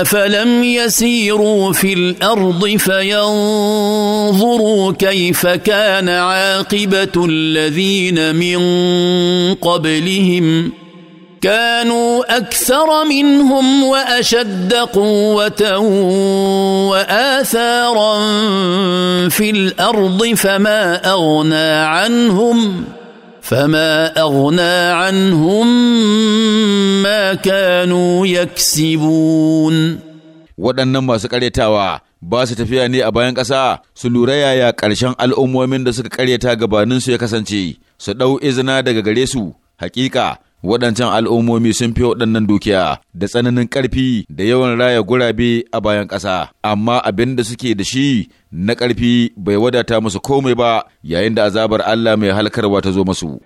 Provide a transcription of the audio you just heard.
افلم يسيروا في الارض فينظروا كيف كان عاقبه الذين من قبلهم كانوا اكثر منهم واشد قوه واثارا في الارض فما اغنى عنهم فما اغنى عنهم كانوا يكسبون waɗannan masu ƙaryatawa ba su tafiya ne a bayan ƙasa su lura yaya ƙarshen al'ummomin da suka ƙaryata su ya kasance su ɗau izina daga gare su hakika waɗancan al'ummomi sun fi waɗannan dukiya da tsananin ƙarfi da yawan raya gurabe a bayan ƙasa, amma abin da suke da shi na ƙarfi bai wadata musu komai ba yayin da azabar Allah mai halkarwa ta zo masu.